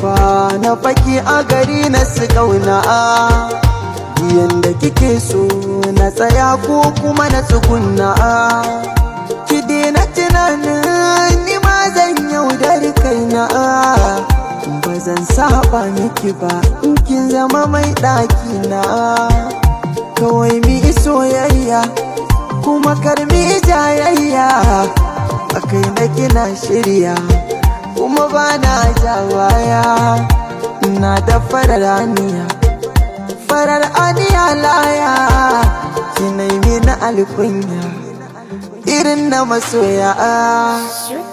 fa na faki a gari na su kauna da kike so na tsaya ko kuma na tsugunna ki na tunanin ni ma zan yaudari kaina ba zan saba miki ba in kin zama mai ɗaki na kawai mi soyayya kuma karmi jayayya a kai na kina shirya kuma ba na jawaya na da farar aniya farar aniya laya kinai na alkunya irin na masoya